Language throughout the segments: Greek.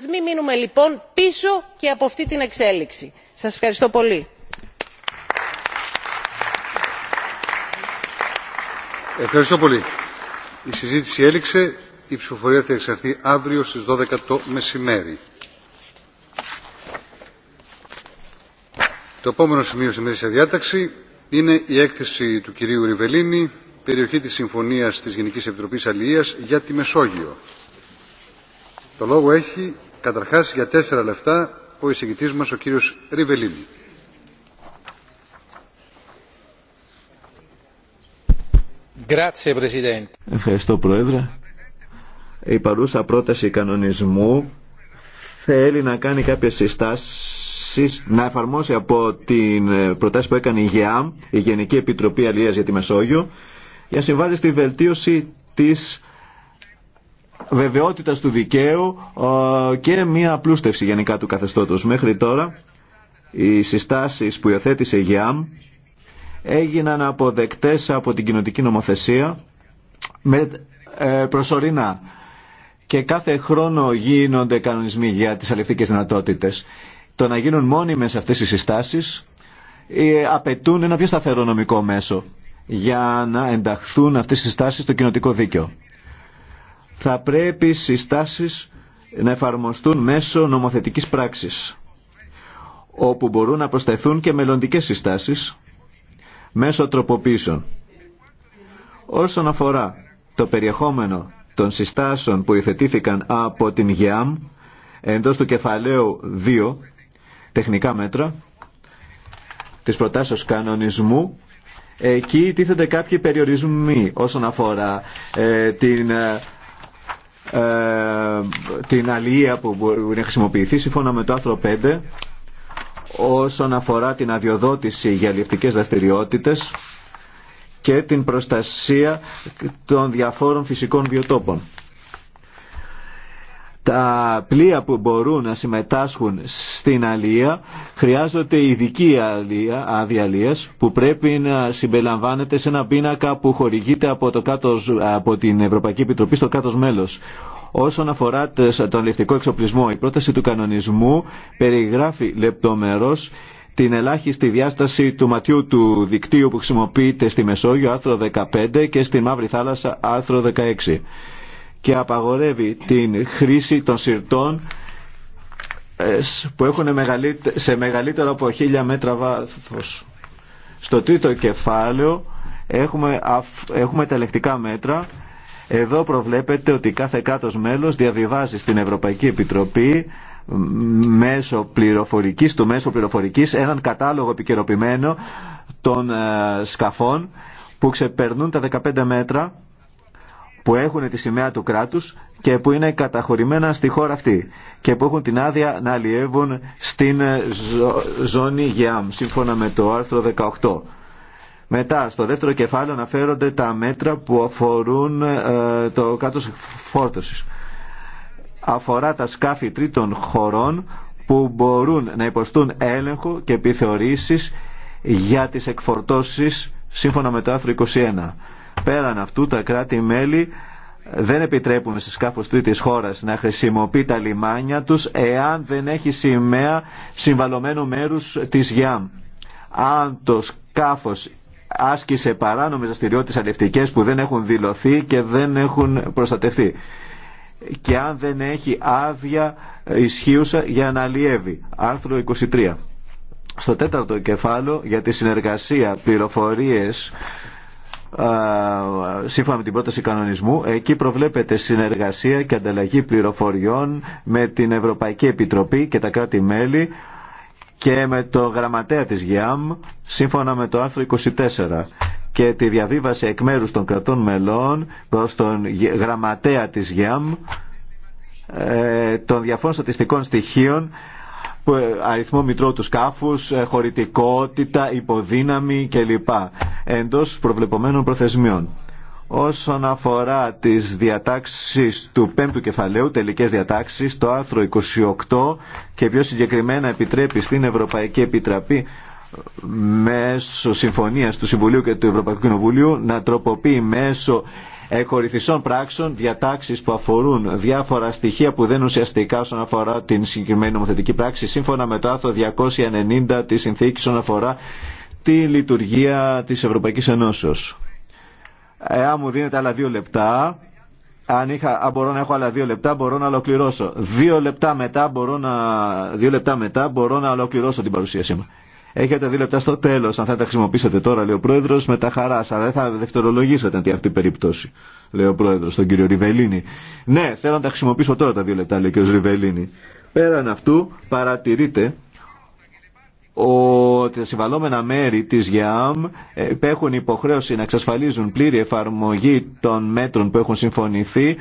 Ας μην μείνουμε λοιπόν πίσω και από αυτή την εξέλιξη. Σας ευχαριστώ πολύ. Ευχαριστώ πολύ. Η συζήτηση έληξε. Η ψηφοφορία θα εξαρθεί αύριο στις 12 το μεσημέρι. Το επόμενο σημείο στη μέση διάταξη είναι η έκθεση του κυρίου Ριβελίνη, περιοχή της Συμφωνίας της Γενικής Επιτροπής Αλληλείας για τη Μεσόγειο. Το λόγο έχει Καταρχάς για τέσσερα λεπτά ο εισηγητής μας ο κύριος Ριβελίνη. Ευχαριστώ Πρόεδρε. Η παρούσα πρόταση κανονισμού θέλει να κάνει κάποιες συστάσεις, να εφαρμόσει από την προτάση που έκανε η ΓΕΑΜ, η Γενική Επιτροπή Αλλίας για τη Μεσόγειο, για συμβάλλει στη βελτίωση της βεβαιότητας του δικαίου και μία απλούστευση γενικά του καθεστώτος. Μέχρι τώρα οι συστάσεις που υιοθέτησε η ΓΙΑΜ έγιναν αποδεκτές από την κοινοτική νομοθεσία με, ε, προσωρινά και κάθε χρόνο γίνονται κανονισμοί για τις αληθικές δυνατότητες. Το να γίνουν μόνιμες αυτές οι συστάσεις ε, απαιτούν ένα πιο σταθερό νομικό μέσο για να ενταχθούν αυτές οι συστάσεις στο κοινοτικό δίκαιο θα πρέπει οι συστάσεις να εφαρμοστούν μέσω νομοθετικής πράξης, όπου μπορούν να προσθεθούν και μελλοντικές συστάσεις μέσω τροποποίησεων. Όσον αφορά το περιεχόμενο των συστάσεων που υθετήθηκαν από την ΓΕΑΜ εντός του κεφαλαίου 2, τεχνικά μέτρα, της προτάσεως κανονισμού, εκεί τίθενται κάποιοι περιορισμοί όσον αφορά ε, την ε, ε, την αλληλεία που μπορεί να χρησιμοποιηθεί σύμφωνα με το άρθρο 5 όσον αφορά την αδειοδότηση για αλληλευτικές δραστηριότητες και την προστασία των διαφόρων φυσικών βιοτόπων τα πλοία που μπορούν να συμμετάσχουν στην αλία χρειάζονται ειδική αλία, άδεια αλίας, που πρέπει να συμπεριλαμβάνεται σε ένα πίνακα που χορηγείται από, το κάτος, από την Ευρωπαϊκή Επιτροπή στο κάτω μέλο. Όσον αφορά τον ληφτικό εξοπλισμό, η πρόταση του κανονισμού περιγράφει λεπτομερώς την ελάχιστη διάσταση του ματιού του δικτύου που χρησιμοποιείται στη Μεσόγειο, άρθρο 15, και στη Μαύρη Θάλασσα, άρθρο 16 και απαγορεύει την χρήση των συρτών ε, που έχουν σε μεγαλύτερο από χίλια μέτρα βάθος. Στο τρίτο κεφάλαιο έχουμε, έχουμε τα ελεκτικά μέτρα. Εδώ προβλέπεται ότι κάθε κάτος μέλος διαβιβάζει στην Ευρωπαϊκή Επιτροπή μέσω πληροφορικής, του μέσου πληροφορικής έναν κατάλογο επικαιροποιημένο των ε, σκαφών που ξεπερνούν τα 15 μέτρα που έχουν τη σημαία του κράτους και που είναι καταχωρημένα στη χώρα αυτή και που έχουν την άδεια να αλλιεύουν στην ε, ζώνη ΓΕΑΜ, σύμφωνα με το άρθρο 18. Μετά, στο δεύτερο κεφάλαιο αναφέρονται τα μέτρα που αφορούν ε, το κάτω φόρτωσης. Αφορά τα σκάφη τρίτων χωρών που μπορούν να υποστούν έλεγχο και επιθεωρήσεις για τις εκφορτώσεις σύμφωνα με το άρθρο 21. Πέραν αυτού τα κράτη-μέλη δεν επιτρέπουν σε σκάφος τρίτης χώρας να χρησιμοποιεί τα λιμάνια τους εάν δεν έχει σημαία συμβαλωμένου μέρους της ΓΙΑΜ. Αν το σκάφος άσκησε παράνομες δραστηριότητες αλληλευτικές που δεν έχουν δηλωθεί και δεν έχουν προστατευτεί και αν δεν έχει άδεια ισχύουσα για να αλλιεύει. Άρθρο 23. Στο τέταρτο κεφάλαιο για τη συνεργασία πληροφορίες σύμφωνα με την πρόταση κανονισμού, εκεί προβλέπεται συνεργασία και ανταλλαγή πληροφοριών με την Ευρωπαϊκή Επιτροπή και τα κράτη-μέλη και με το γραμματέα της ΓΙΑΜ, σύμφωνα με το άρθρο 24 και τη διαβίβαση εκ μέρους των κρατών μελών προς τον γραμματέα της ΓΙΑΜ ε, των διαφόρων στατιστικών στοιχείων ε, αριθμό μητρώου του σκάφους, ε, χωρητικότητα, υποδύναμη κλπ. εντός προβλεπωμένων προθεσμιών. Όσον αφορά τις διατάξεις του 5ου κεφαλαίου, τελικές διατάξεις, το άρθρο 28 και πιο συγκεκριμένα επιτρέπει στην Ευρωπαϊκή Επιτραπή ε, μέσω συμφωνίας του Συμβουλίου και του Ευρωπαϊκού Κοινοβουλίου να τροποποιεί μέσω εκορυθισών πράξεων, διατάξεις που αφορούν διάφορα στοιχεία που δεν ουσιαστικά όσον αφορά την συγκεκριμένη νομοθετική πράξη, σύμφωνα με το άρθρο 290 της συνθήκης όσον αφορά τη λειτουργία της Ευρωπαϊκής Ενώσεως. Εάν μου δίνετε άλλα δύο λεπτά, αν, είχα, αν μπορώ να έχω άλλα δύο λεπτά, μπορώ να ολοκληρώσω. Δύο λεπτά μετά μπορώ να, δύο λεπτά μετά μπορώ να ολοκληρώσω την παρουσίασή μου. Έχετε δύο λεπτά στο τέλο. Αν θα τα χρησιμοποιήσετε τώρα, λέει ο πρόεδρο, με τα χαρά. Αλλά δεν θα δευτερολογήσετε αντί αυτή η περίπτωση, λέει ο πρόεδρο, τον κύριο Ριβελίνη. Ναι, θέλω να τα χρησιμοποιήσω τώρα τα δύο λεπτά, λέει ο κύριο Ριβελίνη. Πέραν αυτού, παρατηρείτε ότι τα συμβαλόμενα μέρη της ΓΕΑΜ ε, έχουν υποχρέωση να εξασφαλίζουν πλήρη εφαρμογή των μέτρων που έχουν συμφωνηθεί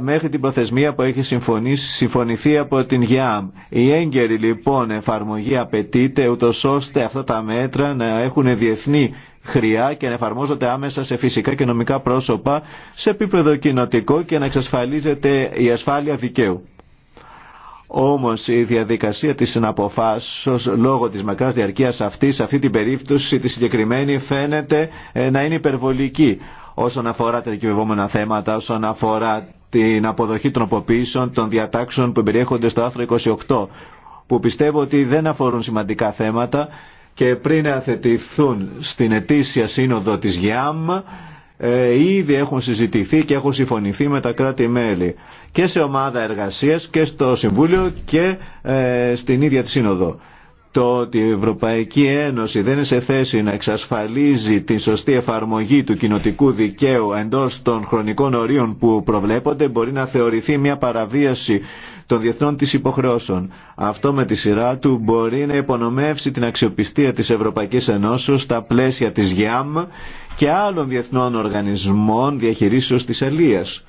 μέχρι την προθεσμία που έχει συμφωνηθεί από την ΓΙΑΜ. Η έγκαιρη λοιπόν εφαρμογή απαιτείται ούτω ώστε αυτά τα μέτρα να έχουν διεθνή χρειά και να εφαρμόζονται άμεσα σε φυσικά και νομικά πρόσωπα σε επίπεδο κοινοτικό και να εξασφαλίζεται η ασφάλεια δικαίου. Όμως η διαδικασία της συναποφάσεως λόγω της μακράς διαρκείας αυτής, σε αυτή την περίπτωση τη συγκεκριμένη φαίνεται ε, να είναι υπερβολική όσον αφορά τα δικαιωμένα θέματα, όσον αφορά την αποδοχή των των διατάξεων που περιέχονται στο άρθρο 28, που πιστεύω ότι δεν αφορούν σημαντικά θέματα και πριν αθετηθούν στην ετήσια σύνοδο της ΓΙΑΜ, ε, ήδη έχουν συζητηθεί και έχουν συμφωνηθεί με τα κράτη-μέλη και σε ομάδα εργασίας και στο Συμβούλιο και ε, στην ίδια τη Σύνοδο το ότι η Ευρωπαϊκή Ένωση δεν είναι σε θέση να εξασφαλίζει την σωστή εφαρμογή του κοινοτικού δικαίου εντός των χρονικών ορίων που προβλέπονται μπορεί να θεωρηθεί μια παραβίαση των διεθνών της υποχρεώσεων. Αυτό με τη σειρά του μπορεί να υπονομεύσει την αξιοπιστία της Ευρωπαϊκής Ενώσεως στα πλαίσια της ΓΙΑΜ και άλλων διεθνών οργανισμών διαχειρίσεως της αλίας.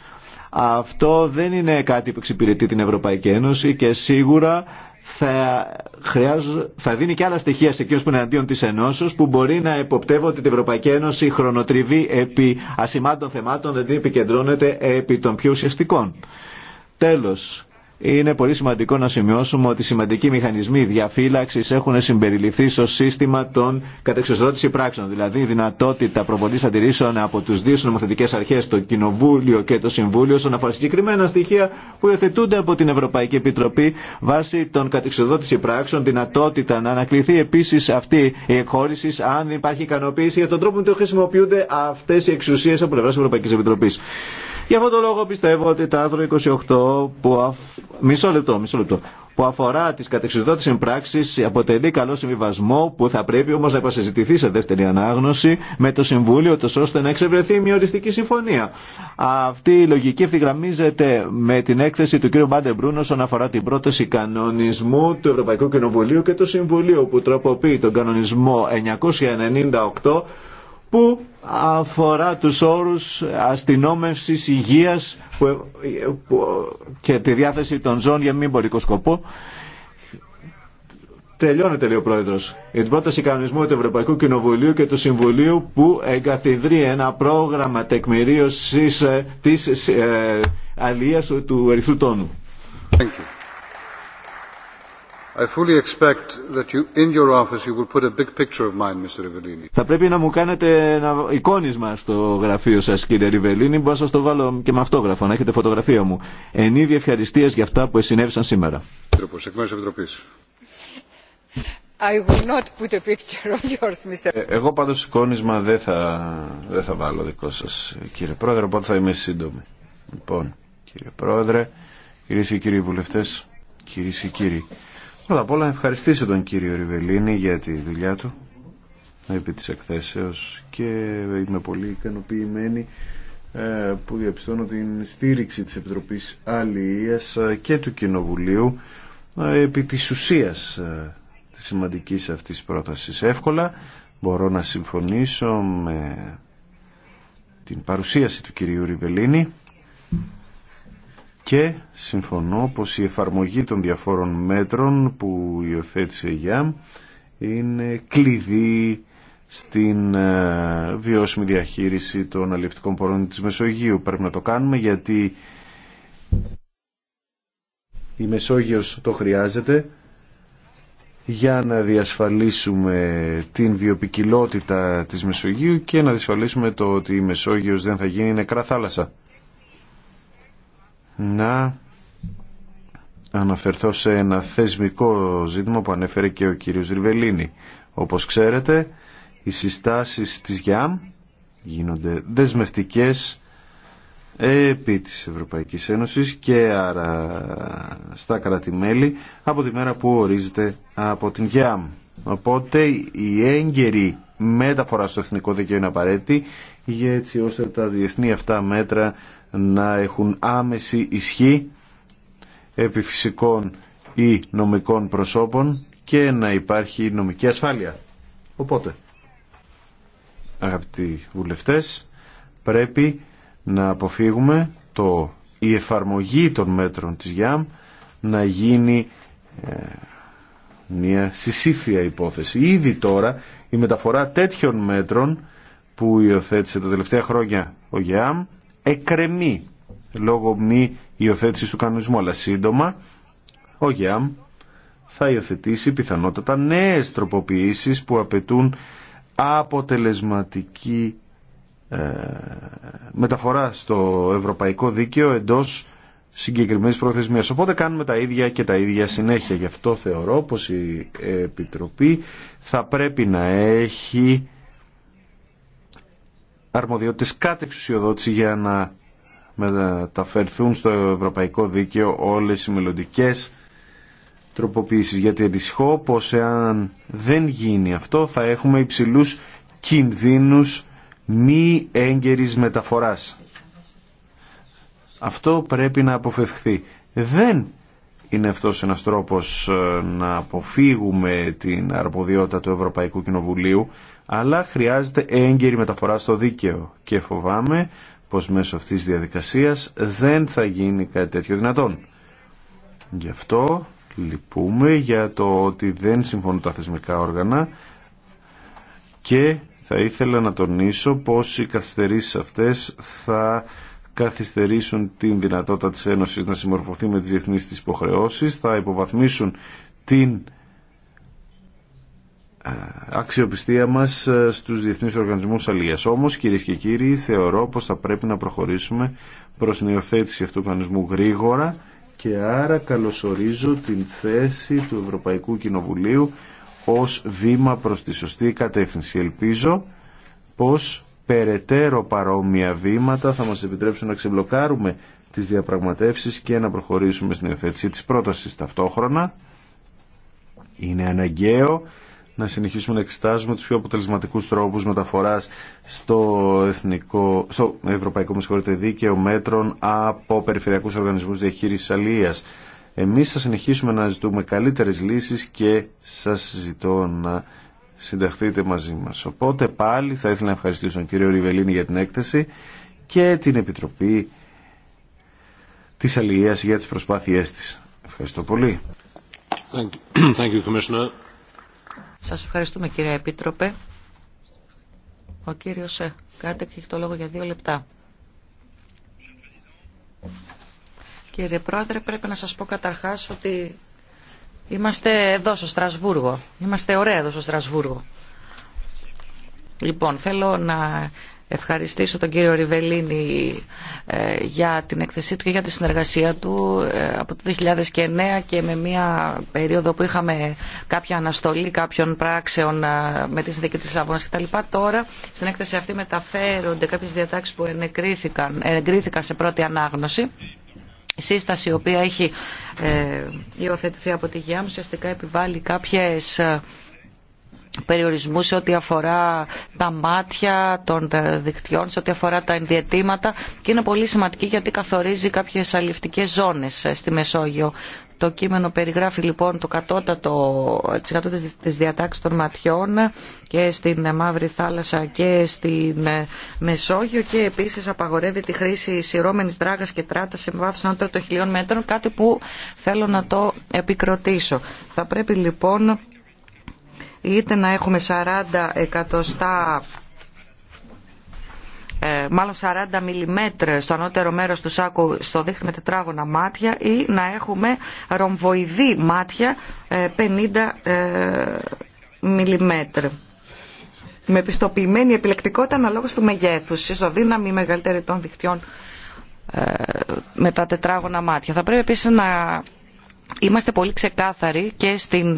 Αυτό δεν είναι κάτι που εξυπηρετεί την Ευρωπαϊκή Ένωση και σίγουρα θα, χρειάζ, θα δίνει και άλλα στοιχεία σε εκείνους που είναι αντίον της Ενώσεως που μπορεί να ότι την Ευρωπαϊκή Ένωση χρονοτριβή επί ασημάτων θεμάτων, δηλαδή επικεντρώνεται επί των πιο ουσιαστικών. Τέλος, είναι πολύ σημαντικό να σημειώσουμε ότι σημαντικοί μηχανισμοί διαφύλαξη έχουν συμπεριληφθεί στο σύστημα των κατεξοδότηση πράξεων. Δηλαδή, η δυνατότητα προβολή αντιρρήσεων από του δύο νομοθετικέ αρχέ, το Κοινοβούλιο και το Συμβούλιο, όσον αφορά συγκεκριμένα στοιχεία που υιοθετούνται από την Ευρωπαϊκή Επιτροπή βάσει των κατεξοδότηση πράξεων. Δυνατότητα να ανακληθεί επίση αυτή η εκχώρηση, αν υπάρχει ικανοποίηση για τον τρόπο με τον χρησιμοποιούνται αυτέ οι εξουσίε από πλευρά Ευρωπαϊκή Επιτροπή. Γι' αυτόν τον λόγο πιστεύω ότι το άρθρο 28 που, αφ... μισό λεπτό, μισό λεπτό, που αφορά τι κατεξοδότητε συμπράξει, αποτελεί καλό συμβιβασμό που θα πρέπει όμω να επασυζητηθεί σε δεύτερη ανάγνωση με το Συμβούλιο, τόσο ώστε να εξευρεθεί μια οριστική συμφωνία. Αυτή η λογική ευθυγραμμίζεται με την έκθεση του κ. Μπάντε Μπρούν όσον αφορά την πρόταση κανονισμού του Ευρωπαϊκού Κοινοβουλίου και του Συμβουλίου που τροποποιεί τον κανονισμό 998 που αφορά τους όρους αστυνόμευσης υγείας που, και τη διάθεση των ζώων για μη εμπορικό σκοπό. Τελειώνεται, λέει ο πρόεδρο, η πρόταση κανονισμού του Ευρωπαϊκού Κοινοβουλίου και του Συμβουλίου που εγκαθιδρεί ένα πρόγραμμα τεκμηρίωση ε, τη ε, αλληλεία του ερυθρού τόνου. Θα πρέπει να μου κάνετε ένα εικόνισμα στο γραφείο σας κύριε Ριβελίνη, μπορώ να σας το βάλω και με αυτόγραφο, να έχετε φωτογραφία μου. Εν είδη για αυτά που συνέβησαν σήμερα. εγώ πάντως εικόνισμα δεν θα, δεν θα βάλω δικό σας κύριε Πρόεδρε, οπότε θα είμαι σύντομη. Λοιπόν, κύριε Πρόεδρε, κυρίες και κύριοι βουλευτές, κυρίες και κύριοι. Πρώτα όλα ευχαριστήσω τον κύριο Ριβελίνη για τη δουλειά του επί της εκθέσεως και είμαι πολύ ικανοποιημένη ε, που διαπιστώνω την στήριξη της Επιτροπής Αλληλείας ε, και του Κοινοβουλίου ε, επί της ουσίας της σημαντικής αυτής πρότασης. Εύκολα μπορώ να συμφωνήσω με την παρουσίαση του κυρίου Ριβελίνη και συμφωνώ πως η εφαρμογή των διαφόρων μέτρων που υιοθέτησε η ΓΙΑΜ είναι κλειδί στην ε, βιώσιμη διαχείριση των αλληλευτικών πορών της Μεσογείου. Πρέπει να το κάνουμε γιατί η Μεσόγειος το χρειάζεται για να διασφαλίσουμε την βιοπικιλότητα της Μεσογείου και να διασφαλίσουμε το ότι η Μεσόγειος δεν θα γίνει νεκρά θάλασσα να αναφερθώ σε ένα θεσμικό ζήτημα που ανέφερε και ο κύριος Ριβελίνη. Όπως ξέρετε, οι συστάσεις της ΓΙΑΜ γίνονται δεσμευτικές επί της Ευρωπαϊκής Ένωσης και άρα στα κράτη-μέλη από τη μέρα που ορίζεται από την ΓΙΑΜ. Οπότε η έγκαιρη μεταφορά στο εθνικό δίκαιο είναι απαραίτητη για έτσι ώστε τα διεθνή αυτά μέτρα να έχουν άμεση ισχύ επιφυσικών ή νομικών προσώπων και να υπάρχει νομική ασφάλεια. Οπότε, αγαπητοί βουλευτές, πρέπει να αποφύγουμε το, η εφαρμογή των μέτρων της ΓΙΑΜ να γίνει ε, μια συσύφια υπόθεση. Ήδη τώρα η μεταφορά τέτοιων μέτρων που υιοθέτησε τα τελευταία χρόνια ο ΓΕΑΜ εκρεμεί λόγω μη υιοθέτηση του κανονισμού. Αλλά σύντομα ο ΓΕΑΜ θα υιοθετήσει πιθανότατα νέες τροποποιήσεις που απαιτούν αποτελεσματική ε, μεταφορά στο ευρωπαϊκό δίκαιο εντός συγκεκριμένης προθεσμίας. Οπότε κάνουμε τα ίδια και τα ίδια συνέχεια. Γι' αυτό θεωρώ πως η Επιτροπή θα πρέπει να έχει αρμοδιότητες εξουσιοδότηση για να μεταφερθούν στο ευρωπαϊκό δίκαιο όλες οι μελλοντικέ τροποποιήσεις. Γιατί ενισχώ πως εάν δεν γίνει αυτό θα έχουμε υψηλούς κινδύνους μη έγκαιρης μεταφοράς αυτό πρέπει να αποφευχθεί. Δεν είναι αυτός ένας τρόπος ε, να αποφύγουμε την αρποδιότητα του Ευρωπαϊκού Κοινοβουλίου, αλλά χρειάζεται έγκαιρη μεταφορά στο δίκαιο και φοβάμαι πως μέσω αυτής της διαδικασίας δεν θα γίνει κάτι τέτοιο δυνατόν. Γι' αυτό λυπούμε για το ότι δεν συμφωνούν τα θεσμικά όργανα και θα ήθελα να τονίσω πως οι καθυστερήσεις αυτές θα καθυστερήσουν την δυνατότητα της Ένωσης να συμμορφωθεί με τις διεθνείς της υποχρεώσεις, θα υποβαθμίσουν την ε, αξιοπιστία μας ε, στους διεθνείς οργανισμούς αλληλείας. Όμως, κυρίες και κύριοι, θεωρώ πως θα πρέπει να προχωρήσουμε προς την υιοθέτηση αυτού του οργανισμού γρήγορα και άρα καλωσορίζω την θέση του Ευρωπαϊκού Κοινοβουλίου ως βήμα προς τη σωστή κατεύθυνση. Ελπίζω πως περαιτέρω παρόμοια βήματα θα μας επιτρέψουν να ξεμπλοκάρουμε τις διαπραγματεύσεις και να προχωρήσουμε στην υιοθέτηση της πρότασης ταυτόχρονα. Είναι αναγκαίο να συνεχίσουμε να εξετάζουμε τους πιο αποτελεσματικούς τρόπους μεταφοράς στο, εθνικό, στο Ευρωπαϊκό Δίκαιο μέτρων από περιφερειακούς οργανισμούς διαχείρισης αλίας. Εμείς θα συνεχίσουμε να ζητούμε καλύτερες λύσεις και σας ζητώ να συνταχθείτε μαζί μας. Οπότε πάλι θα ήθελα να ευχαριστήσω τον κύριο Ριβελίνη για την έκθεση και την Επιτροπή της Αλληλείας για τις προσπάθειές της. Ευχαριστώ πολύ. Thank you. Thank you, Σας ευχαριστούμε κύριε Επίτροπε. Ο κύριος ε, Κάρτεκ έχει το λόγο για δύο λεπτά. Κύριε Πρόεδρε, πρέπει να σας πω καταρχάς ότι Είμαστε εδώ στο Στρασβούργο. Είμαστε ωραία εδώ στο Στρασβούργο. Λοιπόν, θέλω να ευχαριστήσω τον κύριο Ριβελίνη ε, για την εκθεσή του και για τη συνεργασία του ε, από το 2009 και με μια περίοδο που είχαμε κάποια αναστολή κάποιων πράξεων ε, με τη συνδίκη της Αβώνας κτλ. Τώρα στην έκθεση αυτή μεταφέρονται κάποιες διατάξεις που εγκρίθηκαν σε πρώτη ανάγνωση σύσταση η οποία έχει ε, υιοθετηθεί από τη ΓΙΑΜ ουσιαστικά επιβάλλει κάποιες ε, περιορισμούς σε ό,τι αφορά τα μάτια των δικτυών, σε ό,τι αφορά τα ενδιατήματα και είναι πολύ σημαντική γιατί καθορίζει κάποιες αληφτικές ζώνες ε, στη Μεσόγειο. Το κείμενο περιγράφει λοιπόν το κατώτατο, τις κατώτατες της διατάξης των ματιών και στην Μαύρη Θάλασσα και στην Μεσόγειο και επίσης απαγορεύει τη χρήση σειρώμενης δράγας και τράτας σε βάθος ανώτερο των χιλιών μέτρων, κάτι που θέλω να το επικροτήσω. Θα πρέπει λοιπόν είτε να έχουμε 40 εκατοστά ε, μάλλον 40 mm στο ανώτερο μέρος του σάκου στο δείχνει με τετράγωνα μάτια ή να έχουμε ρομβοειδή μάτια 50 ε, mm. Ε, με επιστοποιημένη επιλεκτικότητα αναλόγως του μεγέθους, ισοδύναμη μεγαλύτερη των δικτυών με τα τετράγωνα μάτια. Θα πρέπει επίσης να Είμαστε πολύ ξεκάθαροι και στην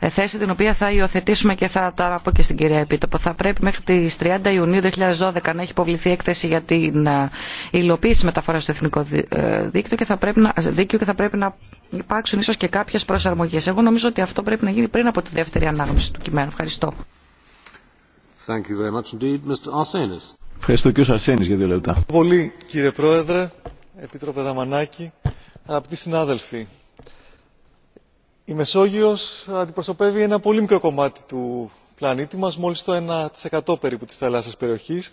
ε, θέση την οποία θα υιοθετήσουμε και θα τα πω και στην κυρία Επίτοπο. Θα πρέπει μέχρι τις 30 Ιουνίου 2012 να έχει υποβληθεί έκθεση για την ε, υλοποίηση μεταφορά στο Εθνικό ε, Δίκτυο και θα πρέπει να, δίκαιο και θα πρέπει να υπάρξουν ίσως και κάποιες προσαρμογές. Εγώ νομίζω ότι αυτό πρέπει να γίνει πριν από τη δεύτερη ανάγνωση του κειμένου. Ευχαριστώ. Thank you very much Mr. Arsenis. Ευχαριστώ κύριο για δύο λεπτά. Πολύ κύριε Πρόεδρε, Επίτροπε Δαμανάκη, αγαπητοί συνάδελφοι η μεσόγειος αντιπροσωπεύει ένα πολύ μικρό κομμάτι του πλανήτη μας μόλις το 1% περίπου της θαλάσσιας περιοχής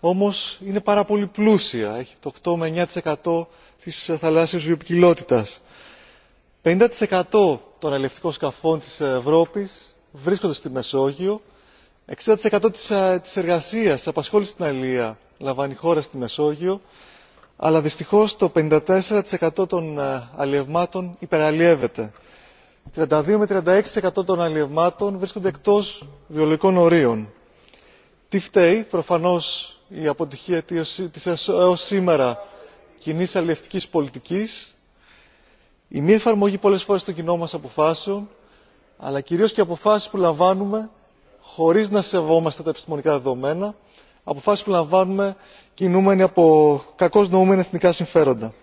όμως είναι πάρα πολύ πλούσια έχει το 8 με 9% της θαλάσσιας βιοποικιλότητας. 50% των αλλιευτικών σκαφών της Ευρώπης βρίσκονται στη Μεσόγειο 60% ε, της εργασίας, της απασχόλησης στην αλληλεία λαμβάνει χώρα στη Μεσόγειο αλλά δυστυχώς το 54% των ε, αλλιευμάτων υπεραλλιεύεται. 32 με 36% των αλλιευμάτων βρίσκονται εκτός βιολογικών ορίων. Τι φταίει, προφανώς η αποτυχία της έως σήμερα κοινή αλλιευτικής πολιτικής, η μη εφαρμογή πολλές φορές των κοινών μας αποφάσεων, αλλά κυρίως και αποφάσεις που λαμβάνουμε χωρίς να σεβόμαστε τα επιστημονικά δεδομένα, αποφάσεις που λαμβάνουμε κινούμενοι από κακώς νοούμενα εθνικά συμφέροντα.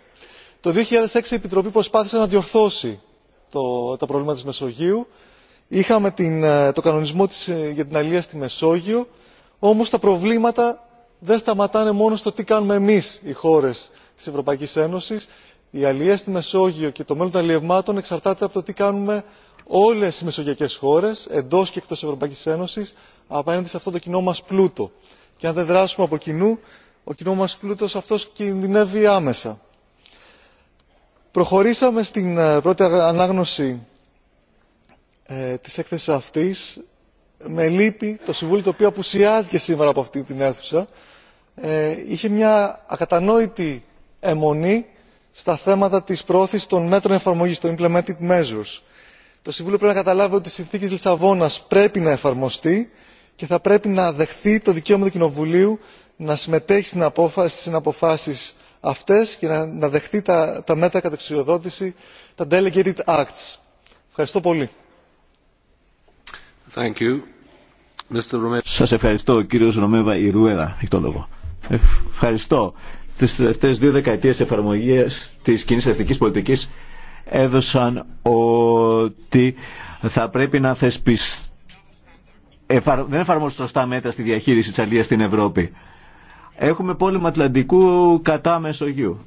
Το 2006 η Επιτροπή προσπάθησε να διορθώσει τα προβλήματα της Μεσογείου. Είχαμε την, ε, το κανονισμό της, ε, για την αλληλεία στη Μεσόγειο, όμως τα προβλήματα δεν σταματάνε μόνο στο τι κάνουμε εμείς οι χώρες της Ευρωπαϊκής Ένωσης. Η αλληλεία στη Μεσόγειο και το μέλλον των αλληλευμάτων εξαρτάται από το τι κάνουμε όλες οι μεσογειακές χώρες, εντός και εκτός Ευρωπαϊκής Ένωσης, απέναντι σε αυτό το κοινό μας πλούτο. Και αν δεν δράσουμε από κοινού, ο κοινό μας πλούτος αυτός κινδυνεύει άμεσα προχωρήσαμε στην ε, πρώτη ανάγνωση ε, της έκθεσης αυτής. Με λύπη το Συμβούλιο το οποίο απουσιάζει και σήμερα από αυτή την αίθουσα ε, είχε μια ακατανόητη αιμονή στα θέματα της πρόθεσης των μέτρων εφαρμογής, των Implemented measures. Το Συμβούλιο πρέπει να καταλάβει ότι η συνθήκη Λισαβόνας πρέπει να εφαρμοστεί και θα πρέπει να δεχθεί το δικαίωμα του Κοινοβουλίου να συμμετέχει στις αποφάσεις αυτές και να δεχτεί τα μέτρα κατευσιοδότηση, τα delegated acts. Ευχαριστώ πολύ. Thank Σας ευχαριστώ. κύριος Ρωμέβα Ιρουέδα έχει Ευχαριστώ. Τις τελευταίες δύο δεκαετίες εφαρμογής της κοινή εθνικής πολιτικής έδωσαν ότι θα πρέπει να θεσπιστεί δεν εφαρμόζουν σωστά μέτρα στη διαχείριση της αλίας στην Ευρώπη. Έχουμε πόλεμο Ατλαντικού κατά Μεσογείου.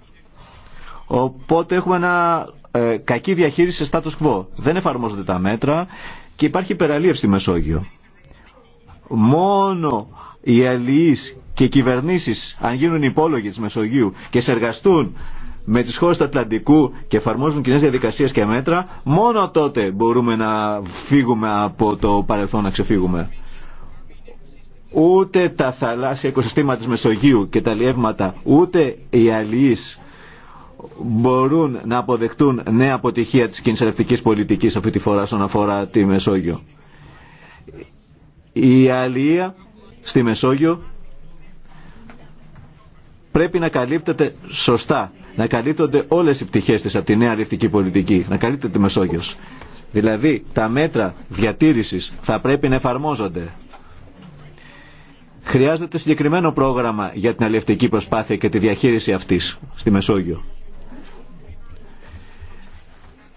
Οπότε έχουμε ένα ε, κακή διαχείριση σε status quo. Δεν εφαρμόζονται τα μέτρα και υπάρχει υπεραλίευση στη Μεσόγειο. Μόνο οι αλληλείς και οι κυβερνήσεις, αν γίνουν υπόλογοι της Μεσογείου και εργαστούν με τις χώρες του Ατλαντικού και εφαρμόζουν κοινέ διαδικασίες και μέτρα, μόνο τότε μπορούμε να φύγουμε από το παρελθόν, να ξεφύγουμε ούτε τα θαλάσσια οικοσυστήματα της Μεσογείου και τα λιεύματα, ούτε οι αλληλείς μπορούν να αποδεχτούν νέα αποτυχία της κινησερευτικής πολιτικής αυτή τη φορά όσον αφορά τη Μεσόγειο. Η αλληλεία στη Μεσόγειο πρέπει να καλύπτεται σωστά, να καλύπτονται όλες οι πτυχές της από τη νέα αλληλευτική πολιτική, να καλύπτεται η Μεσόγειος. Δηλαδή τα μέτρα διατήρησης θα πρέπει να εφαρμόζονται Χρειάζεται συγκεκριμένο πρόγραμμα για την αλληλευτική προσπάθεια και τη διαχείριση αυτής στη Μεσόγειο.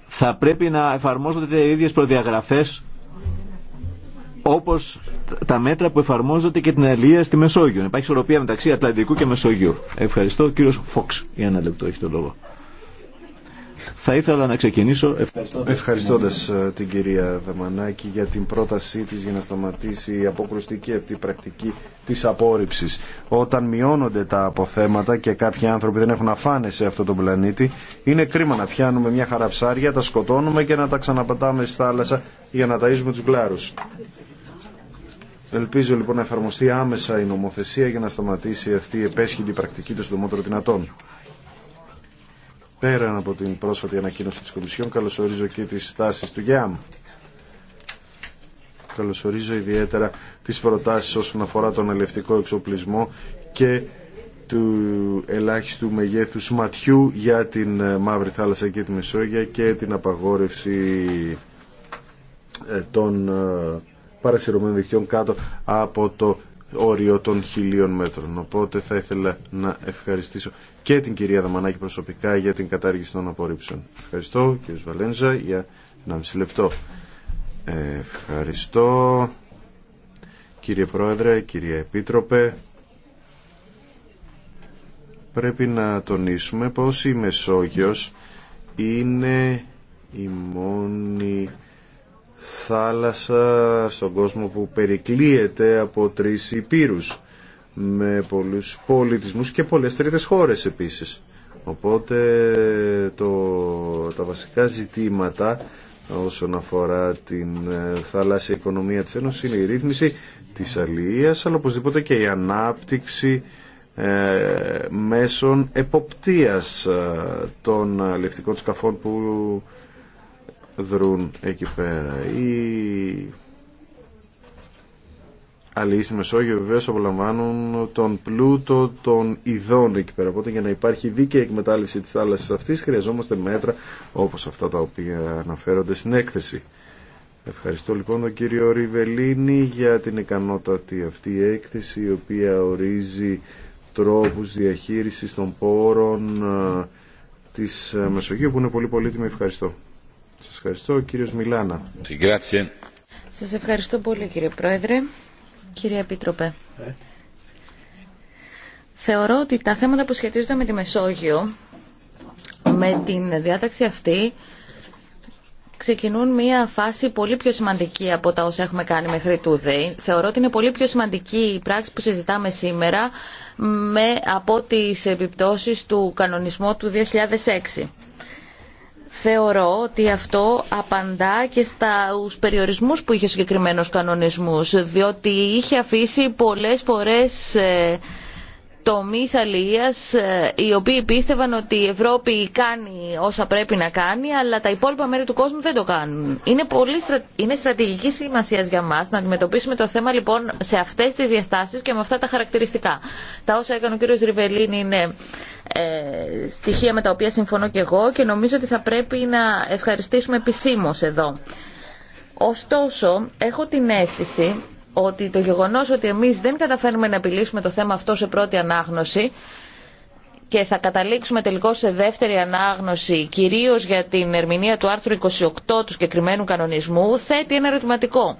Θα πρέπει να εφαρμόζονται οι ίδιες προδιαγραφές όπως τα μέτρα που εφαρμόζονται και την αλληλεία στη Μεσόγειο. Υπάρχει ισορροπία μεταξύ Ατλαντικού και Μεσογείου. Ευχαριστώ. κύριος Φόξ για ένα λεπτό έχει το λόγο. Θα ήθελα να ξεκινήσω ευχαριστώντας ε, την κυρία Δαμανάκη για την πρότασή της για να σταματήσει η αποκρουστική αυτή πρακτική της απόρριψης. Όταν μειώνονται τα αποθέματα και κάποιοι άνθρωποι δεν έχουν αφάνε σε αυτόν τον πλανήτη, είναι κρίμα να πιάνουμε μια χαραψάρια, τα σκοτώνουμε και να τα ξαναπατάμε στη θάλασσα για να ταΐζουμε τους γκλάρους. Ελπίζω λοιπόν να εφαρμοστεί άμεσα η νομοθεσία για να σταματήσει αυτή η επέσχυντη πρακτική των συντομότερων δυνατών πέραν από την πρόσφατη ανακοίνωση της Κομισιόν καλωσορίζω και τις στάσεις του ΓΕΑΜ. Καλωσορίζω ιδιαίτερα τις προτάσεις όσον αφορά τον ελευτικό εξοπλισμό και του ελάχιστου μεγέθους ματιού για την ε, Μαύρη Θάλασσα και τη Μεσόγεια και την απαγόρευση ε, των ε, παρασυρωμένων δικτυών κάτω από το όριο των χιλίων μέτρων. Οπότε θα ήθελα να ευχαριστήσω και την κυρία Δαμανάκη προσωπικά για την κατάργηση των απορρίψεων. Ευχαριστώ κύριε Βαλένζα για ένα μισή λεπτό. Ευχαριστώ κύριε Πρόεδρε, κύριε Επίτροπε. Πρέπει να τονίσουμε πως η Μεσόγειος είναι η μόνη θάλασσα στον κόσμο που περικλείεται από τρεις υπήρους με πολλούς πολιτισμούς και πολλές τρίτες χώρες επίσης. Οπότε το, τα βασικά ζητήματα όσον αφορά την ε, θαλάσσια οικονομία της Ένωσης είναι η ρύθμιση της αλληλείας αλλά οπωσδήποτε και η ανάπτυξη ε, μέσων εποπτείας ε, των λευτικών σκαφών που δρούν εκεί πέρα. Οι αλληλοί στη Μεσόγειο βεβαίω απολαμβάνουν τον πλούτο των ειδών εκεί πέρα. Οπότε για να υπάρχει δίκαιη εκμετάλλευση της θάλασσα αυτής χρειαζόμαστε μέτρα όπως αυτά τα οποία αναφέρονται στην έκθεση. Ευχαριστώ λοιπόν τον κύριο Ριβελίνη για την ικανότατη αυτή έκθεση η οποία ορίζει τρόπους διαχείρισης των πόρων ε, της Μεσογείου που είναι πολύ πολύτιμη. Ευχαριστώ. Σας ευχαριστώ, κύριος Μιλάνα. Σας ευχαριστώ πολύ, κύριε Πρόεδρε. Κύριε Επίτροπε. Ε. Θεωρώ ότι τα θέματα που σχετίζονται με τη Μεσόγειο, με την διάταξη αυτή, ξεκινούν μια φάση πολύ πιο σημαντική από τα όσα έχουμε κάνει μέχρι τούδε. Θεωρώ ότι είναι πολύ πιο σημαντική η πράξη που συζητάμε σήμερα με, από τις επιπτώσεις του κανονισμού του 2006 θεωρώ ότι αυτό απαντά και στους περιορισμούς που είχε ο συγκεκριμένος κανονισμός, διότι είχε αφήσει πολλές φορές ε, τομείς αλληλείας ε, οι οποίοι πίστευαν ότι η Ευρώπη κάνει όσα πρέπει να κάνει αλλά τα υπόλοιπα μέρη του κόσμου δεν το κάνουν. Είναι, πολύ είναι στρατηγική σημασία για μας να αντιμετωπίσουμε το θέμα λοιπόν σε αυτές τις διαστάσεις και με αυτά τα χαρακτηριστικά. Τα όσα έκανε ο κύριος Ριβελίνη είναι ε, στοιχεία με τα οποία συμφωνώ και εγώ και νομίζω ότι θα πρέπει να ευχαριστήσουμε επισήμω εδώ. Ωστόσο, έχω την αίσθηση ότι το γεγονός ότι εμείς δεν καταφέρνουμε να επιλύσουμε το θέμα αυτό σε πρώτη ανάγνωση και θα καταλήξουμε τελικώς σε δεύτερη ανάγνωση, κυρίως για την ερμηνεία του άρθρου 28 του συγκεκριμένου κανονισμού, θέτει ένα ερωτηματικό.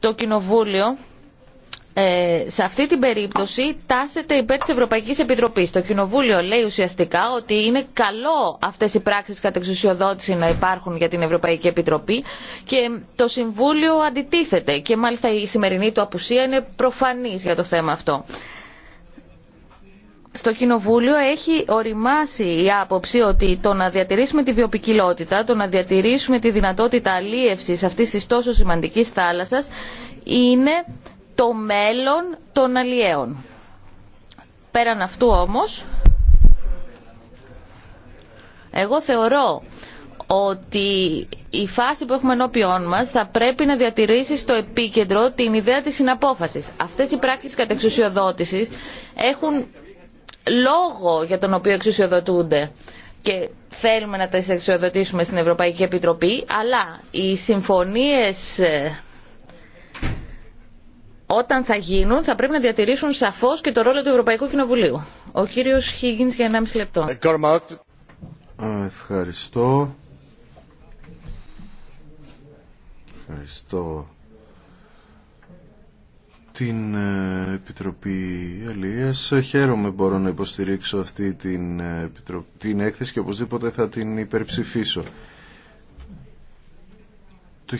Το Κοινοβούλιο ε, σε αυτή την περίπτωση τάσεται υπέρ της Ευρωπαϊκής Επιτροπής. Το Κοινοβούλιο λέει ουσιαστικά ότι είναι καλό αυτές οι πράξεις εξουσιοδότηση να υπάρχουν για την Ευρωπαϊκή Επιτροπή και το Συμβούλιο αντιτίθεται και μάλιστα η σημερινή του απουσία είναι προφανής για το θέμα αυτό. Στο Κοινοβούλιο έχει οριμάσει η άποψη ότι το να διατηρήσουμε τη βιοπικιλότητα, το να διατηρήσουμε τη δυνατότητα αλίευσης αυτής της τόσο σημαντικής θάλασσας είναι το μέλλον των αλλιέων. Πέραν αυτού όμως, εγώ θεωρώ ότι η φάση που έχουμε ενώπιόν μας θα πρέπει να διατηρήσει στο επίκεντρο την ιδέα της συναπόφασης. Αυτές οι πράξεις κατεξουσιοδότησης έχουν λόγο για τον οποίο εξουσιοδοτούνται και θέλουμε να τα εξουσιοδοτήσουμε στην Ευρωπαϊκή Επιτροπή, αλλά οι συμφωνίες όταν θα γίνουν θα πρέπει να διατηρήσουν σαφώς και το ρόλο του Ευρωπαϊκού Κοινοβουλίου. Ο κύριος Χίγγινς για 1,5 λεπτό. Ευχαριστώ. Ευχαριστώ την ε, Επιτροπή Αλίας. Χαίρομαι μπορώ να υποστηρίξω αυτή την, ε, την έκθεση και οπωσδήποτε θα την υπερψηφίσω. Το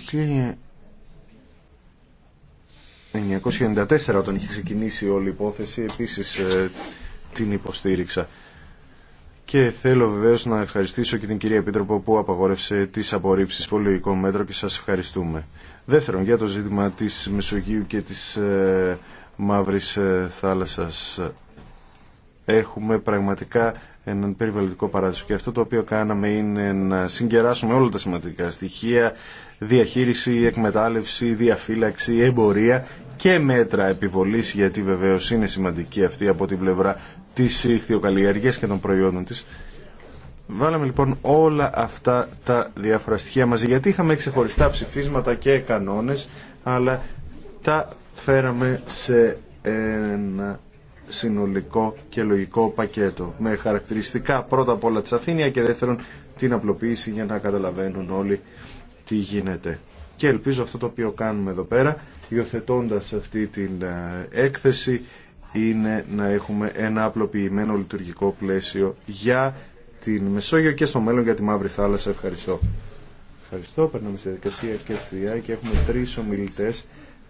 1994 όταν είχε ξεκινήσει όλη η υπόθεση επίσης ε, την υποστήριξα. Και θέλω βεβαίω να ευχαριστήσω και την κυρία Επίτροπο που απαγόρευσε τι απορρίψει πολιτικών μέτρων και σα ευχαριστούμε. Δεύτερον, για το ζήτημα τη Μεσογείου και τη ε, Μαύρη ε, Θάλασσα. Έχουμε πραγματικά έναν περιβαλλοντικό παράδεισο. Και αυτό το οποίο κάναμε είναι να συγκεράσουμε όλα τα σημαντικά στοιχεία, διαχείριση, εκμετάλλευση, διαφύλαξη, εμπορία και μέτρα επιβολής, γιατί βεβαίως είναι σημαντική αυτή από την πλευρά της ιχθυοκαλλιέργειας και των προϊόντων της. Βάλαμε λοιπόν όλα αυτά τα διάφορα στοιχεία μαζί, γιατί είχαμε ξεχωριστά ψηφίσματα και κανόνες, αλλά τα φέραμε σε ένα συνολικό και λογικό πακέτο με χαρακτηριστικά πρώτα απ' όλα τη Αθήνια και δεύτερον την απλοποίηση για να καταλαβαίνουν όλοι τι γίνεται. Και ελπίζω αυτό το οποίο κάνουμε εδώ πέρα, υιοθετώντα αυτή την ε, έκθεση, είναι να έχουμε ένα απλοποιημένο λειτουργικό πλαίσιο για την Μεσόγειο και στο μέλλον για τη Μαύρη Θάλασσα. Ευχαριστώ. Ευχαριστώ. Περνάμε στη διαδικασία και στη και έχουμε τρει ομιλητέ,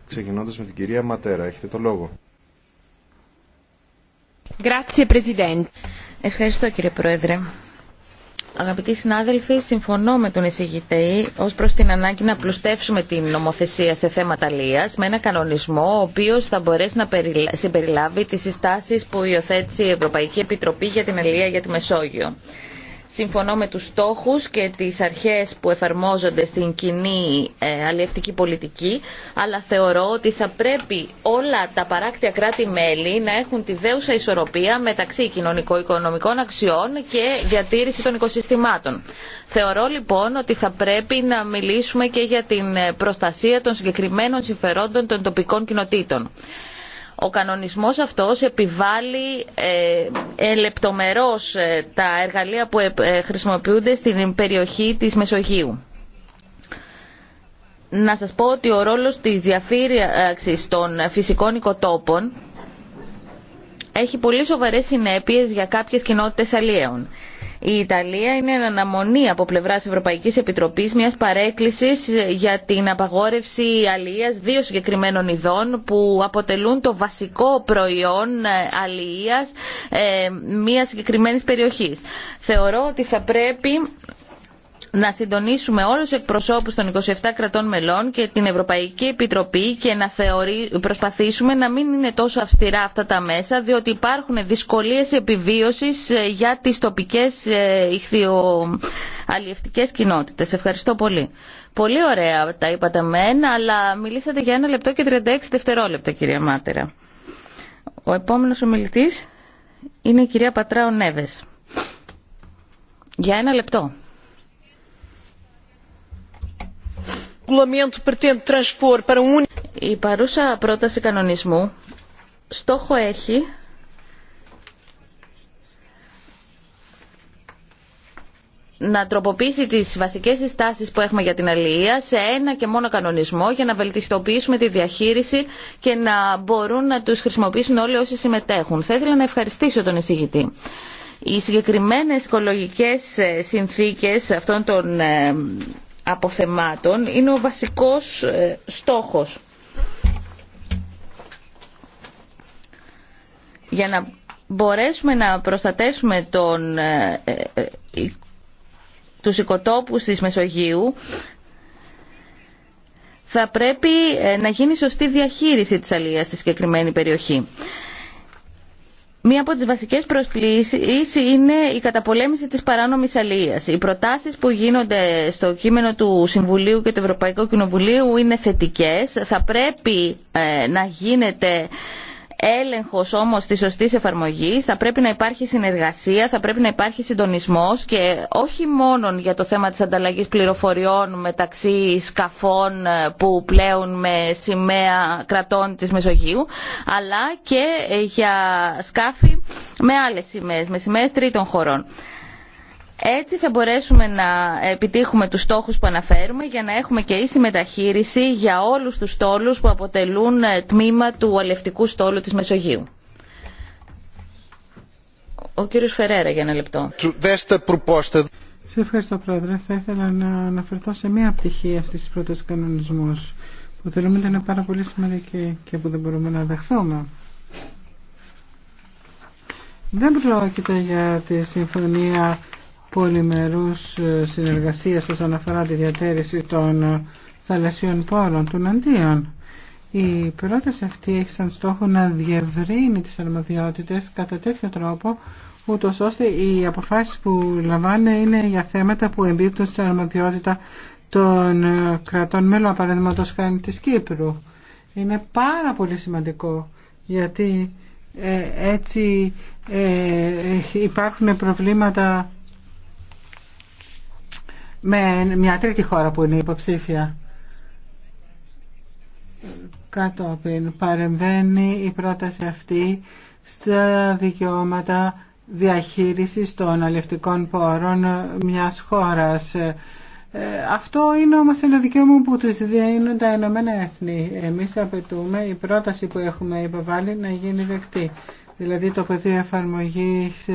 ξεκινώντα με την κυρία Ματέρα. Έχετε το λόγο. Ευχαριστώ κύριε Πρόεδρε. Αγαπητοί συνάδελφοι, συμφωνώ με τον εισηγητή ω προ την ανάγκη να πλουστεύσουμε την νομοθεσία σε θέματα λία με ένα κανονισμό ο οποίο θα μπορέσει να συμπεριλάβει τι συστάσει που υιοθέτησε η Ευρωπαϊκή Επιτροπή για την Αλία για τη Μεσόγειο. Συμφωνώ με τους στόχους και τις αρχές που εφαρμόζονται στην κοινή ε, αλλιευτική πολιτική, αλλά θεωρώ ότι θα πρέπει όλα τα παράκτια κράτη-μέλη να έχουν τη δέουσα ισορροπία μεταξύ κοινωνικο-οικονομικών αξιών και διατήρηση των οικοσυστημάτων. Θεωρώ λοιπόν ότι θα πρέπει να μιλήσουμε και για την προστασία των συγκεκριμένων συμφερόντων των τοπικών κοινοτήτων. Ο κανονισμός αυτός επιβάλλει ελεπτομερώς ε, ε, τα εργαλεία που ε, χρησιμοποιούνται στην περιοχή της Μεσογείου. Να σας πω ότι ο ρόλος της διαφύριαξης των φυσικών οικοτόπων έχει πολύ σοβαρές συνέπειες για κάποιες κοινότητες αλλιέων. Η Ιταλία είναι εν αναμονή από πλευρά Ευρωπαϊκή Επιτροπή μια παρέκκληση για την απαγόρευση αλληλεία δύο συγκεκριμένων ειδών που αποτελούν το βασικό προϊόν αλληλεία ε, μια συγκεκριμένη περιοχή. Θεωρώ ότι θα πρέπει να συντονίσουμε όλους τους εκπροσώπους των 27 κρατών μελών και την Ευρωπαϊκή Επιτροπή και να θεωρεί, προσπαθήσουμε να μην είναι τόσο αυστηρά αυτά τα μέσα διότι υπάρχουν δυσκολίες επιβίωσης ε, για τις τοπικές ε, ηχθειοαλλιευτικές κοινότητες. Ευχαριστώ πολύ. Πολύ ωραία τα είπατε μεν, αλλά μιλήσατε για ένα λεπτό και 36 δευτερόλεπτα κυρία Μάτερα. Ο επόμενος ομιλητής είναι η κυρία Πατράο Νέβες. Για ένα λεπτό. Um Η παρούσα πρόταση κανονισμού στόχο έχει να τροποποιήσει τις βασικές συστάσεις που έχουμε για την αλληλεία σε ένα και μόνο κανονισμό για να βελτιστοποιήσουμε τη διαχείριση και να μπορούν να τους χρησιμοποιήσουν όλοι όσοι συμμετέχουν. Θα ήθελα να ευχαριστήσω τον εισηγητή. Οι συγκεκριμένες οικολογικές συνθήκες αυτών των ε, αποθεμάτων είναι ο βασικός ε, στόχος. Για να μπορέσουμε να προστατεύσουμε τον, ε, ε, τους οικοτόπους της Μεσογείου θα πρέπει να γίνει σωστή διαχείριση της αλίας στη συγκεκριμένη περιοχή. Μία από τις βασικές προσκλήσεις είναι η καταπολέμηση της παράνομης αλίας. Οι προτάσεις που γίνονται στο κείμενο του Συμβουλίου και του Ευρωπαϊκού Κοινοβουλίου είναι θετικές. Θα πρέπει ε, να γίνεται Έλεγχο όμως τη σωστή εφαρμογή θα πρέπει να υπάρχει συνεργασία, θα πρέπει να υπάρχει συντονισμός και όχι μόνο για το θέμα της ανταλλαγής πληροφοριών μεταξύ σκαφών ε, που πλέουν με σημαία κρατών της Μεσογείου, αλλά και ε, για σκάφη με άλλες σημαίε, με σημαίε τρίτων χωρών. Έτσι θα μπορέσουμε να επιτύχουμε τους στόχους που αναφέρουμε για να έχουμε και ίση μεταχείριση για όλους τους στόλους που αποτελούν ε, τμήμα του αλευτικού στόλου της Μεσογείου. Ο κύριος Φερέρα για ένα λεπτό. Σε ευχαριστώ πρόεδρε. Θα ήθελα να αναφερθώ σε μία πτυχή αυτή τη πρόταση κανονισμού που θεωρούμε ότι είναι πάρα πολύ σημαντική και που δεν μπορούμε να δεχθούμε. Δεν πρόκειται για τη συμφωνία πολυμερούς ε, συνεργασίες όσον αφορά τη διατέρηση των ε, θαλασσιών πόρων των αντίων. Η πρόταση αυτή έχει σαν στόχο να διευρύνει τις αρμοδιότητες κατά τέτοιο τρόπο ούτω ώστε οι αποφάσεις που λαμβάνουν είναι για θέματα που εμπίπτουν στην αρμοδιότητα των ε, κρατών μέλων, παραδείγματος χάρη της Κύπρου. Είναι πάρα πολύ σημαντικό γιατί έτσι υπάρχουν προβλήματα με μια τρίτη χώρα που είναι υποψήφια. Κατόπιν παρεμβαίνει η πρόταση αυτή στα δικαιώματα διαχείρισης των αλληλευτικών πόρων μιας χώρας. Ε, αυτό είναι όμως ένα δικαίωμα που τους δίνουν τα Ηνωμένα Έθνη. Εμείς απαιτούμε η πρόταση που έχουμε υποβάλει να γίνει δεκτή. Δηλαδή το πεδίο εφαρμογής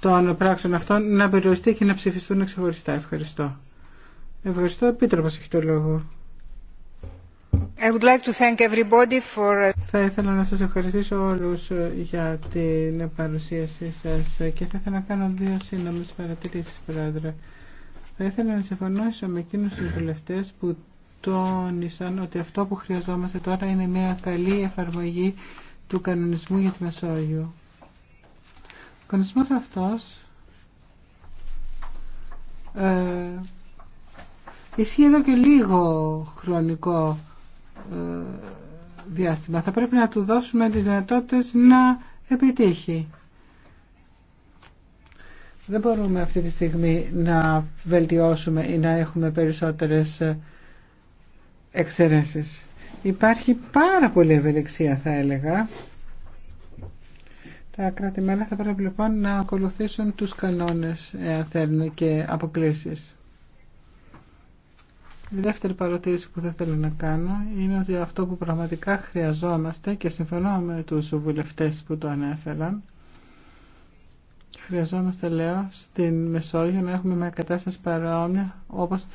των πράξεων αυτών να περιοριστεί και να ψηφιστούν ξεχωριστά. Ευχαριστώ. Ευχαριστώ. Επίτροπος έχει το λόγο. Θα ήθελα να σας ευχαριστήσω όλους ε, για την παρουσίασή σας και θα ήθελα να κάνω δύο σύνομες παρατηρήσεις, Πρόεδρε. Θα ήθελα να συμφωνήσω με εκείνους τους βουλευτές που τόνισαν ότι αυτό που χρειαζόμαστε τώρα είναι μια καλή εφαρμογή του κανονισμού για τη Μεσόγειο. Ο κανονισμός αυτός ε, ισχύει εδώ και λίγο χρονικό ε, διάστημα. Θα πρέπει να του δώσουμε τις δυνατότητες να επιτύχει. Δεν μπορούμε αυτή τη στιγμή να βελτιώσουμε ή να έχουμε περισσότερες ε, εξαιρέσεις. Υπάρχει πάρα πολύ ευελιξία θα έλεγα. Τα κρατη θα πρέπει λοιπόν να ακολουθήσουν τους κανόνες εάν θέλουν και αποκλήσεις. Η δεύτερη παρατήρηση που θα ήθελα να κάνω είναι ότι αυτό που πραγματικά χρειαζόμαστε και συμφωνώ με τους βουλευτές που το ανέφεραν χρειαζόμαστε λέω στην Μεσόγειο να έχουμε μια κατάσταση παρόμοια όπως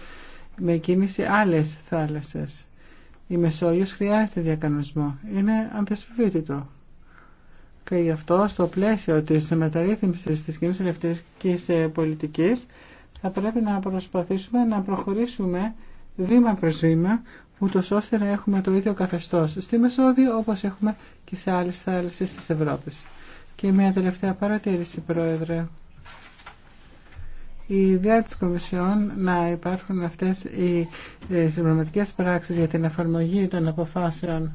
με κίνηση άλλες θάλασσες. Η Μεσόγειος χρειάζεται διακανονισμό. Είναι ανθεσφυβήτητο. Και γι' αυτό στο πλαίσιο της μεταρρύθμισης της κοινής ελευθερικής πολιτικής θα πρέπει να προσπαθήσουμε να προχωρήσουμε βήμα προς βήμα, ούτω ώστε να έχουμε το ίδιο καθεστώς στη Μεσόδιο όπως έχουμε και σε άλλες θάλασσες της Ευρώπης. Και μια τελευταία παρατήρηση, Πρόεδρε. Η ιδέα της Κομισιόν να υπάρχουν αυτές οι ε, συμπληρωματικές πράξεις για την εφαρμογή των αποφάσεων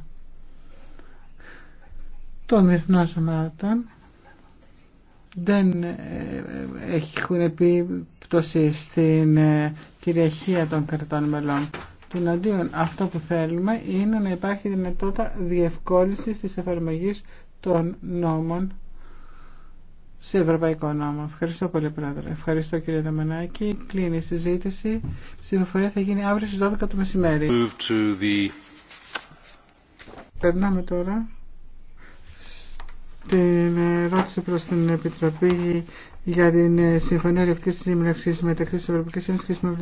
των διεθνών σωμάτων δεν ε, ε, έχουν πει έκπτωση στην ε, κυριαρχία των κρατών μελών. Τουναντίον αυτό που θέλουμε είναι να υπάρχει δυνατότητα διευκόλυνσης της εφαρμογής των νόμων σε ευρωπαϊκό νόμο. Ευχαριστώ πολύ, Πρόεδρε. Ευχαριστώ, κύριε Δαμενάκη. Κλείνει η συζήτηση. Συμφωνία θα γίνει αύριο στις 12 το μεσημέρι. The... Περνάμε τώρα την ερώτηση προς την Επιτροπή για την ε, Συμφωνία Ελευθερικής Συμμεταξής μεταξύ της Ευρωπαϊκής Ένωσης και της